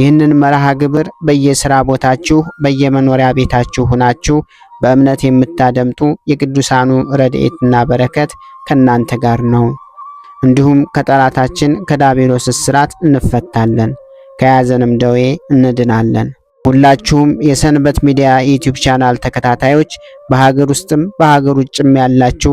ይህንን መርሃ ግብር በየስራ ቦታችሁ በየመኖሪያ ቤታችሁ ሆናችሁ በእምነት የምታደምጡ የቅዱሳኑ ረድኤትና በረከት ከእናንተ ጋር ነው። እንዲሁም ከጠላታችን ከዲያብሎስ እስራት እንፈታለን፣ ከያዘንም ደዌ እንድናለን። ሁላችሁም የሰንበት ሚዲያ ዩቲዩብ ቻናል ተከታታዮች በሀገር ውስጥም በሀገር ውጭም ያላችሁ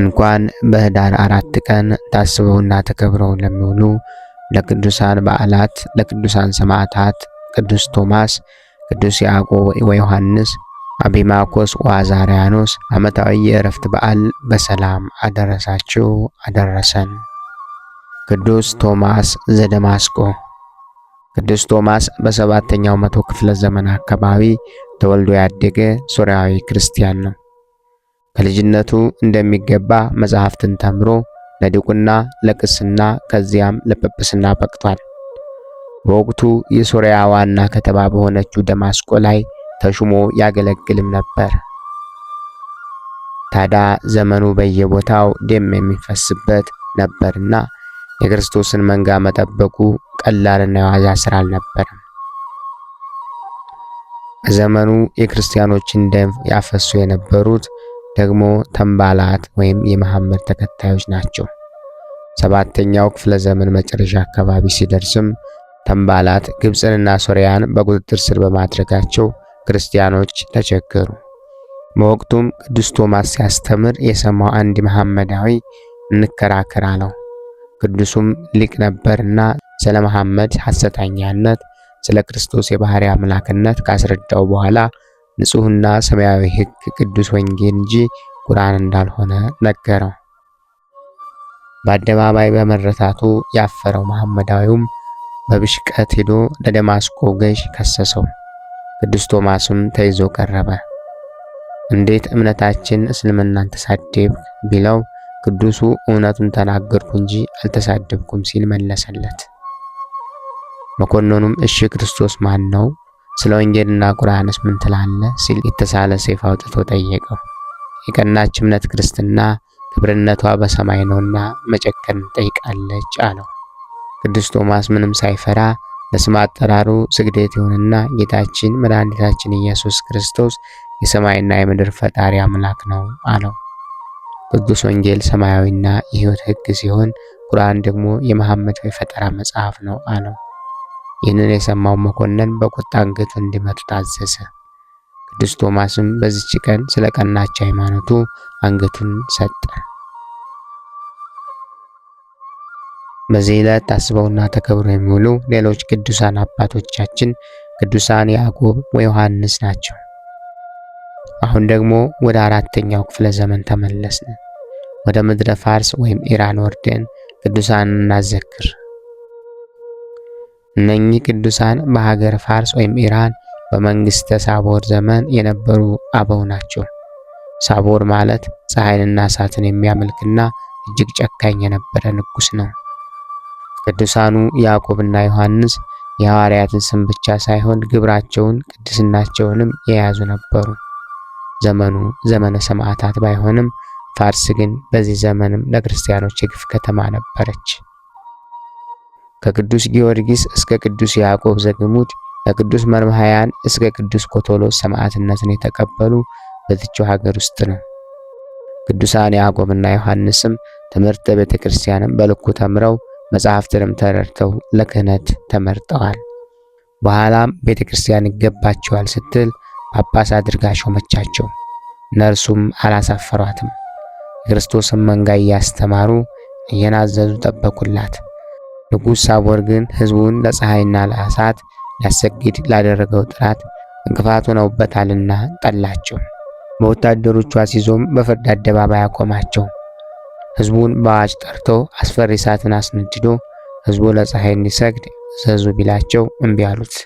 እንኳን በህዳር አራት ቀን ታስበውና ተከብረው ለሚውሉ ለቅዱሳን በዓላት ለቅዱሳን ሰማዕታት ቅዱስ ቶማስ፣ ቅዱስ ያዕቆብ ወዮሐንስ፣ አቢማኮስ ወአዛርያኖስ ዓመታዊ የእረፍት በዓል በሰላም አደረሳችሁ አደረሰን። ቅዱስ ቶማስ ዘደማስቆ ቅዱስ ቶማስ በሰባተኛው መቶ ክፍለ ዘመን አካባቢ ተወልዶ ያደገ ሶርያዊ ክርስቲያን ነው። ከልጅነቱ እንደሚገባ መጽሐፍትን ተምሮ ለዲቁና፣ ለቅስና ከዚያም ለጵጵስና በቅቷል። በወቅቱ የሶሪያ ዋና ከተማ በሆነችው ደማስቆ ላይ ተሹሞ ያገለግልም ነበር። ታዲያ ዘመኑ በየቦታው ደም የሚፈስበት ነበርና የክርስቶስን መንጋ መጠበቁ ቀላልና የዋዛ ስራ አልነበረም። በዘመኑ የክርስቲያኖችን ደም ያፈሱ የነበሩት ደግሞ ተንባላት ወይም የመሐመድ ተከታዮች ናቸው። ሰባተኛው ክፍለ ዘመን መጨረሻ አካባቢ ሲደርስም ተንባላት ግብፅንና ሶርያን በቁጥጥር ስር በማድረጋቸው ክርስቲያኖች ተቸገሩ። በወቅቱም ቅዱስ ቶማስ ሲያስተምር የሰማው አንድ መሐመዳዊ እንከራከር አለው። ቅዱሱም ሊቅ ነበርና ስለ መሐመድ ሐሰተኛነት፣ ስለ ክርስቶስ የባሕርይ አምላክነት ካስረዳው በኋላ ንጹህና ሰማያዊ ሕግ ቅዱስ ወንጌል እንጂ ቁርአን እንዳልሆነ ነገረው። በአደባባይ በመረታቱ ያፈረው መሐመዳዊውም በብሽቀት ሄዶ ለደማስቆ ገዥ ከሰሰው። ቅዱስ ቶማስም ተይዞ ቀረበ። እንዴት እምነታችን እስልምናን ተሳደብ ቢለው ቅዱሱ እውነቱን ተናገርኩ እንጂ አልተሳደብኩም ሲል መለሰለት። መኮንኑም እሺ ክርስቶስ ማን ነው ስለ ወንጌልና ቁርአንስ ምን ትላለህ ሲል የተሳለ ሰይፍ አውጥቶ ጠየቀው። የቀናች እምነት ክርስትና ክብርነቷ በሰማይ ነውና መጨከን ጠይቃለች አለው። ቅዱስ ቶማስ ምንም ሳይፈራ ለስም አጠራሩ ስግደት ይሁንና ጌታችን መድኃኒታችን ኢየሱስ ክርስቶስ የሰማይና የምድር ፈጣሪ አምላክ ነው አለው። ቅዱስ ወንጌል ሰማያዊና የሕይወት ሕግ ሲሆን ቁርአን ደግሞ የመሐመድ የፈጠራ መጽሐፍ ነው አለው። ይህንን የሰማው መኮንን በቁጣ አንገቱን እንዲመቱ ታዘዘ። ቅዱስ ቶማስም በዚች ቀን ስለ ቀናች ሃይማኖቱ አንገቱን ሰጠ። በዚህ ዕለት ታስበውና ተከብረው የሚውሉ ሌሎች ቅዱሳን አባቶቻችን ቅዱሳን ያዕቆብ ወዮሐንስ ናቸው። አሁን ደግሞ ወደ አራተኛው ክፍለ ዘመን ተመለስን። ወደ ምድረ ፋርስ ወይም ኢራን ወርደን ቅዱሳን እናዘክር። እነኚህ ቅዱሳን በሀገር ፋርስ ወይም ኢራን በመንግስተ ሳቦር ዘመን የነበሩ አበው ናቸው። ሳቦር ማለት ፀሐይንና እሳትን የሚያመልክና እጅግ ጨካኝ የነበረ ንጉስ ነው። ቅዱሳኑ ያዕቆብና ዮሐንስ የሐዋርያትን ስም ብቻ ሳይሆን ግብራቸውን ቅድስናቸውንም የያዙ ነበሩ። ዘመኑ ዘመነ ሰማዕታት ባይሆንም ፋርስ ግን በዚህ ዘመንም ለክርስቲያኖች የግፍ ከተማ ነበረች። ከቅዱስ ጊዮርጊስ እስከ ቅዱስ ያዕቆብ ዘግሙድ ከቅዱስ መርምሃያን እስከ ቅዱስ ኮቶሎስ ሰማዕትነትን የተቀበሉ በዚችው ሀገር ውስጥ ነው። ቅዱሳን ያዕቆብና ዮሐንስም ትምህርተ ቤተ ክርስቲያንም በልኩ ተምረው መጽሐፍትንም ተረድተው ለክህነት ተመርጠዋል። በኋላም ቤተ ክርስቲያን ይገባቸዋል ስትል ጳጳስ አድርጋ ሾመቻቸው። ነርሱም አላሳፈሯትም። የክርስቶስን መንጋ እያስተማሩ እየናዘዙ ጠበቁላት። ንጉሥ ሳቦር ግን ሕዝቡን ለፀሐይና ለእሳት ሊያሰግድ ላደረገው ጥራት እንቅፋት ሆነውበታልና ጠላቸው። በወታደሮቹ አስይዞም በፍርድ አደባባይ አቆማቸው። ሕዝቡን በአዋጅ ጠርቶ አስፈሪ እሳትን አስነድዶ ሕዝቡ ለፀሐይ እንዲሰግድ እዘዙ ቢላቸው እምቢ አሉት።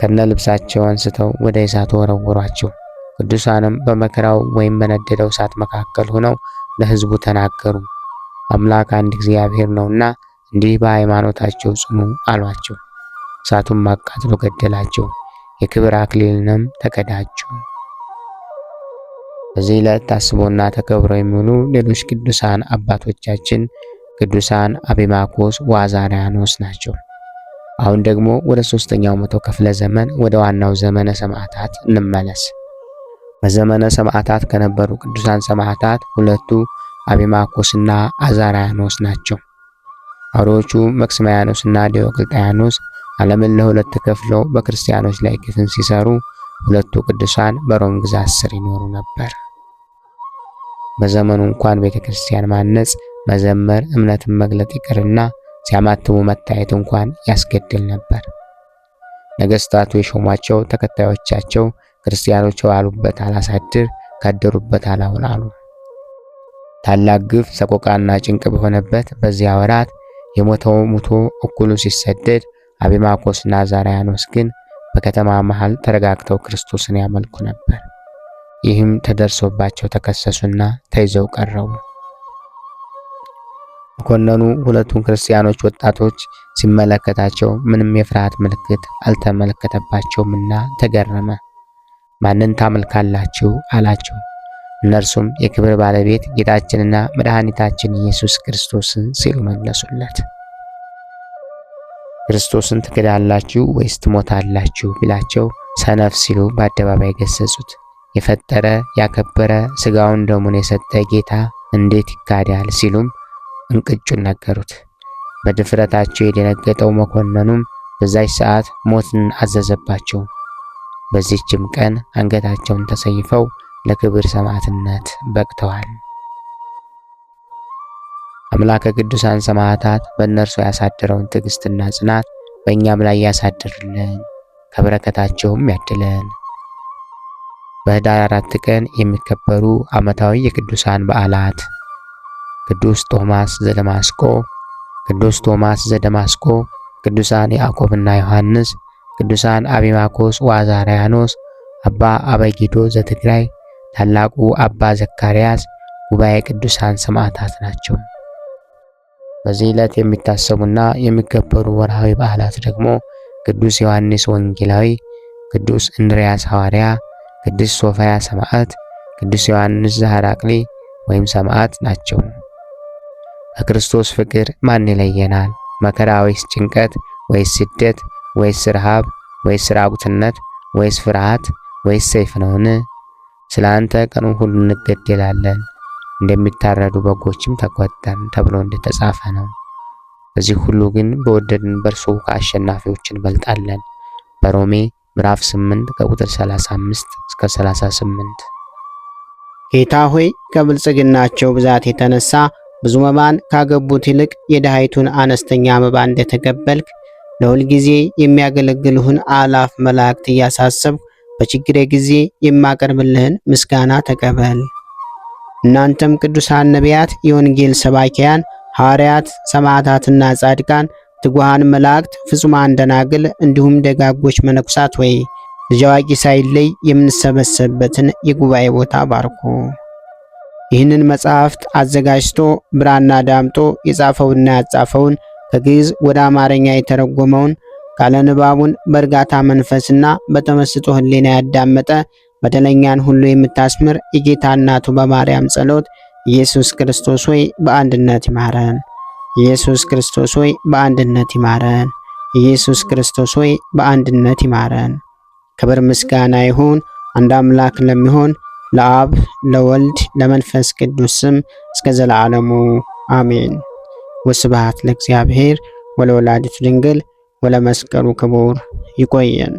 ከነ ልብሳቸው አንስተው ወደ እሳት ወረወሯቸው። ቅዱሳንም በመከራው ወይም በነደደው እሳት መካከል ሆነው ለሕዝቡ ተናገሩ። አምላክ አንድ እግዚአብሔር ነውና እንዲህ በሃይማኖታቸው ጽኑ አሏቸው። እሳቱም አቃጥሎ ገደላቸው፣ የክብር አክሊልንም ተቀዳጁ። በዚህ ዕለት ታስቦና ተከብሮ የሚውሉ ሌሎች ቅዱሳን አባቶቻችን ቅዱሳን አቢማኮስ ወአዛርያኖስ ናቸው። አሁን ደግሞ ወደ ሶስተኛው መቶ ክፍለ ዘመን ወደ ዋናው ዘመነ ሰማዕታት እንመለስ። በዘመነ ሰማዕታት ከነበሩ ቅዱሳን ሰማዕታት ሁለቱ አቢማኮስና አዛራያኖስ ናቸው። አውሬዎቹ መክስማያኖስና ዲዮቅልጥያኖስ ዓለምን ለሁለት ከፍለው በክርስቲያኖች ላይ ግፍን ሲሰሩ ሁለቱ ቅዱሳን በሮም ግዛት ስር ይኖሩ ነበር። በዘመኑ እንኳን ቤተ ክርስቲያን ማነጽ፣ መዘመር፣ እምነትን መግለጥ ይቅርና ሲያማትሙ መታየት እንኳን ያስገድል ነበር። ነገስታቱ የሾሟቸው ተከታዮቻቸው ክርስቲያኖች የዋሉበት አላሳድር፣ ካደሩበት አላውል አሉ። ታላቅ ግፍ፣ ሰቆቃና ጭንቅ በሆነበት በዚያ ወራት የሞተው ሙቶ እኩሉ ሲሰደድ፣ አቢማኮስና ዛርያኖስ ግን በከተማ መሃል ተረጋግተው ክርስቶስን ያመልኩ ነበር። ይህም ተደርሶባቸው ተከሰሱና ተይዘው ቀረቡ። መኮንኑ ሁለቱን ክርስቲያኖች ወጣቶች ሲመለከታቸው ምንም የፍርሃት ምልክት አልተመለከተባቸውምና ተገረመ። ማንን ታመልካላችሁ? አላቸው። እነርሱም የክብር ባለቤት ጌታችንና መድኃኒታችን ኢየሱስ ክርስቶስን ሲሉ መለሱለት። ክርስቶስን ትክዳላችሁ ወይስ ትሞታላችሁ ቢላቸው ሰነፍ ሲሉ በአደባባይ ገሰጹት። የፈጠረ ያከበረ ሥጋውን ደሙን የሰጠ ጌታ እንዴት ይካዳል ሲሉም እንቅጩን ነገሩት። በድፍረታቸው የደነገጠው መኮንኑም በዛች ሰዓት ሞትን አዘዘባቸው። በዚህችም ቀን አንገታቸውን ተሰይፈው ለክብር ሰማዕትነት በቅተዋል። አምላከ ቅዱሳን ሰማዕታት በእነርሱ ያሳደረውን ትዕግስትና ጽናት በእኛም ላይ ያሳድርልን፣ ከበረከታቸውም ያድለን። በኅዳር አራት ቀን የሚከበሩ ዓመታዊ የቅዱሳን በዓላት ቅዱስ ቶማስ ዘደማስቆ፣ ቅዱስ ቶማስ ዘደማስቆ፣ ቅዱሳን ያዕቆብና ዮሐንስ፣ ቅዱሳን አቢማኮስ ወአዛርያኖስ፣ አባ አበጊዶ ዘትግራይ፣ ታላቁ አባ ዘካርያስ ጉባኤ ቅዱሳን ሰማዕታት ናቸው። በዚህ ዕለት የሚታሰቡና የሚከበሩ ወርሃዊ በዓላት ደግሞ ቅዱስ ዮሐንስ ወንጌላዊ፣ ቅዱስ እንድርያስ ሐዋርያ፣ ቅዱስ ሶፋያ ሰማዕት፣ ቅዱስ ዮሐንስ ዘሐራቅሊ ወይም ሰማዕት ናቸው። በክርስቶስ ፍቅር ማን ይለየናል? መከራ ወይስ ጭንቀት ወይስ ስደት ወይስ ረሃብ ወይስ ራቁትነት ወይስ ፍርሃት ወይስ ሰይፍ ነውን? ስለ አንተ ቀኑን ሁሉ እንገደላለን፣ እንደሚታረዱ በጎችም ተቆጠን ተብሎ እንደተጻፈ ነው። በዚህ ሁሉ ግን በወደድን በእርሱ ከአሸናፊዎች እንበልጣለን። በሮሜ ምዕራፍ 8 ከቁጥር 35 እስከ 38። ጌታ ሆይ ከብልጽግናቸው ብዛት የተነሳ ብዙ መባን ካገቡት ይልቅ የድሃይቱን አነስተኛ መባ እንደተቀበልክ ለሁልጊዜ የሚያገለግልሁን አላፍ መላእክት እያሳሰብ በችግሬ ጊዜ የማቀርብልህን ምስጋና ተቀበል። እናንተም ቅዱሳን ነቢያት፣ የወንጌል ሰባኪያን ሐዋርያት፣ ሰማዕታትና ጻድቃን፣ ትጉሃን መላእክት፣ ፍጹማን ደናግል፣ እንዲሁም ደጋጎች መነኩሳት ወይ ልጅ አዋቂ ሳይለይ የምንሰበሰብበትን የጉባኤ ቦታ ባርኩ። ይህንን መጽሐፍት አዘጋጅቶ ብራና ዳምጦ የጻፈውና ያጻፈውን ከግዕዝ ወደ አማርኛ የተረጎመውን ቃለ ንባቡን በእርጋታ መንፈስና በተመስጦ ህሊና ያዳመጠ በደለኛን ሁሉ የምታስምር የጌታ እናቱ በማርያም ጸሎት ኢየሱስ ክርስቶስ ሆይ በአንድነት ይማረን። ኢየሱስ ክርስቶስ ሆይ በአንድነት ይማረን። ኢየሱስ ክርስቶስ ሆይ በአንድነት ይማረን። ክብር ምስጋና ይሁን አንድ አምላክ ለሚሆን ለአብ ለወልድ ለመንፈስ ቅዱስ ስም እስከ ዘላለሙ አሜን። ወስብሐት ለእግዚአብሔር ወለወላዲቱ ድንግል ወለመስቀሉ ክቡር ይቆየን።